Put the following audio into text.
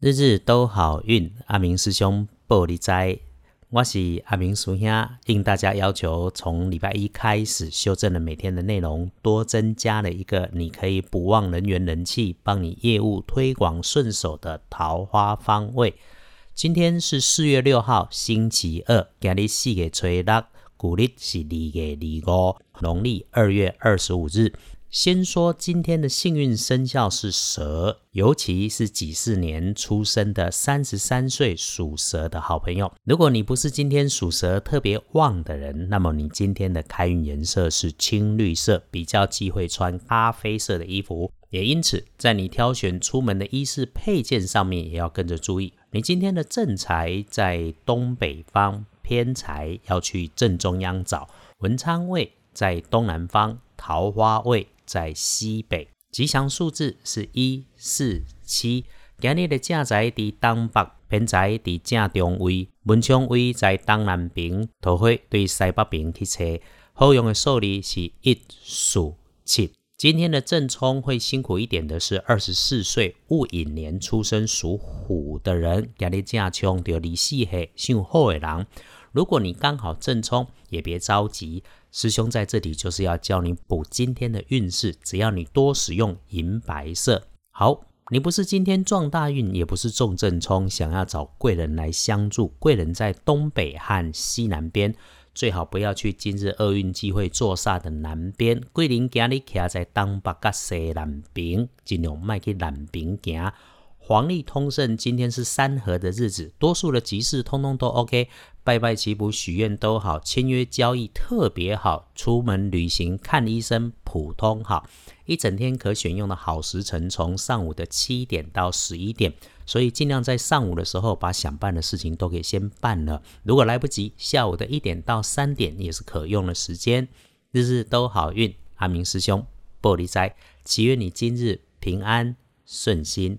日日都好運，阿明師兄報你知，我是阿明師兄，應大家要求，從禮拜一開始修正了每天的內容，多增加了一個你可以補旺人緣人氣，幫你業務推廣順手的桃花方位。今天是四月六號，星期二，今日四月初六，古曆是二月二五，農曆二月二十五日。先說今天的幸運生肖是蛇，尤其是幾四年出生的三十三歲屬蛇的好朋友。如果你不是今天屬蛇特別旺的人，那麼你今天的開運顏色是青綠色，比較忌諱穿咖啡色的衣服。也因此，在你挑選出門的衣飾配件上面，也要跟着注意。你今天的正財在東北方，偏財要去正中央找，文昌位在東南方，桃花位，在西北，吉祥數字是一四七。今日的正財佇東北，偏財佇正中位，文昌位在東南邊，桃花對西北邊去揣，好用的數字是一四七。今天的正沖會辛苦一點的是二十四歲戊寅年出生屬虎的人，窮黑，如果你剛好正沖，也別着急，師兄在這裡就是要教你補今天的運勢，只要你多使用銀白色。好，你不是今天撞大運，也不是中正沖，想要找貴人來相助，貴人在東北和西南邊。最好不要去今日厄運聚會坐煞的南邊，桂林今你徛在東北甲西南邊，盡量賣去南邊行。黃曆通勝，今天是三合的日子，多數的吉事通通都 OK。拜拜祈福、許願都好，簽約交易特別好，出門旅行、看醫生普通好。一整天可選用的好時辰，從上午的七點到十一點，所以盡量在上午的時候把想辦的事情都給先辦了。如果來不及，下午的一點到三點也是可用的時間。日日都好運，阿明師兄玻璃齋，祈願你今日平安順心。